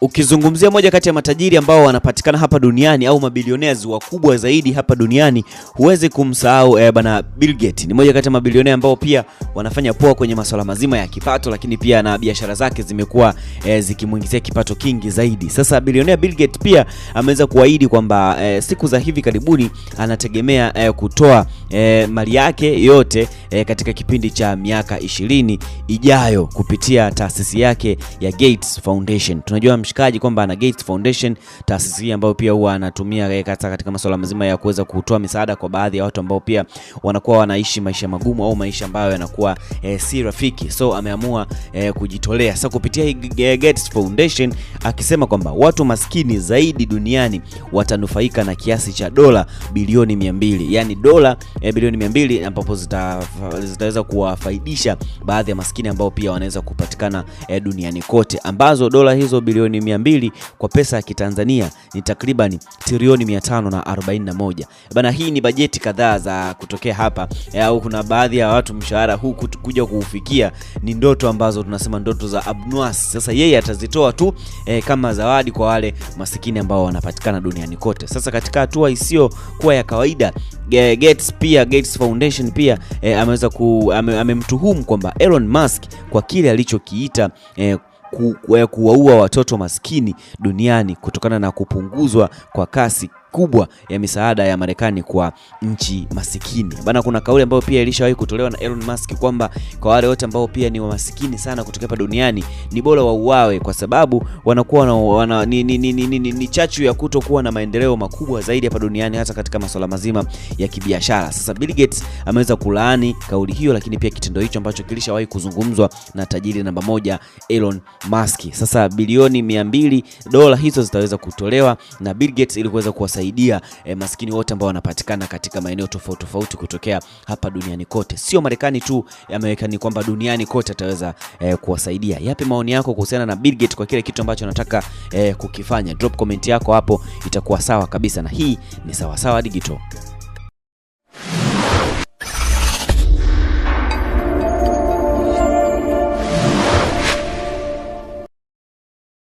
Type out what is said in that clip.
Ukizungumzia moja kati ya matajiri ambao wanapatikana hapa duniani au mabilionaires wakubwa zaidi hapa duniani, huwezi kumsahau eh, bana Bill Gates. Ni moja kati ya mabilionea ambao pia wanafanya poa kwenye masuala mazima ya kipato, lakini pia na biashara zake zimekuwa eh, zikimwingizia kipato kingi zaidi. Sasa bilionea Bill Gates pia ameweza kuahidi kwamba eh, siku za hivi karibuni anategemea eh, kutoa eh, mali yake yote eh, katika kipindi cha miaka ishirini ijayo kupitia taasisi yake ya Gates Foundation. Tunajua mshikaji kwamba ana Gates Foundation, taasisi hii ambayo pia huwa anatumia katika masuala mazima ya kuweza kutoa misaada kwa baadhi ya watu ambao pia wanakuwa wanaishi maisha magumu au maisha ambayo yanakuwa e, si rafiki. So ameamua e, kujitolea sasa kupitia hii eh, Gates Foundation, akisema kwamba watu maskini zaidi duniani watanufaika na kiasi cha dola bilioni 200, yani dola e, bilioni 200 ambapo zitaweza kuwafaidisha baadhi ya maskini ambao pia wanaweza kupatikana e, duniani kote, ambazo dola hizo bilioni milioni mbili kwa pesa ya Kitanzania ni takriban trilioni 541. Bana, hii ni bajeti kadhaa za kutokea hapa e, au kuna baadhi ya watu mshahara huu kuja kuufikia ni ndoto ambazo tunasema ndoto za abnuas. Sasa yeye atazitoa tu eh, kama zawadi kwa wale masikini ambao wanapatikana duniani kote. Sasa katika hatua isiyo kuwa ya kawaida Gates pia Gates Foundation pia eh, ameweza amemtuhumu ame kwamba Elon Musk kwa kile alichokiita eh, ku, ya kuwaua watoto maskini duniani kutokana na kupunguzwa kwa kasi kubwa ya misaada ya Marekani kwa nchi masikini. Bana, kuna kauli ambayo pia ilishawahi kutolewa na Elon Musk kwamba kwa wale wote ambao pia ni wamasikini sana kutoka hapa duniani ni bora wauawe kwa sababu wanakuwa wana, ni, ni, ni, ni, ni, ni chachu ya kutokuwa na maendeleo makubwa zaidi hapa duniani hata katika masuala mazima ya kibiashara. Sasa Bill Gates ameweza kulaani kauli hiyo, lakini pia kitendo hicho ambacho kilishawahi kuzungumzwa na tajiri namba moja Elon Musk. Sasa bilioni 200 dola hizo zitaweza kutolewa na Bill Gates ili kuweza kuwasaidia kusaidia e, maskini wote ambao wanapatikana katika maeneo tofauti tofauti kutokea hapa duniani kote, sio Marekani tu, ameweka ni kwamba duniani kote ataweza e, kuwasaidia. Yapi maoni yako kuhusiana na Bill Gates kwa kile kitu ambacho anataka e, kukifanya? Drop comment yako hapo, itakuwa sawa kabisa, na hii ni Sawasawa Digital.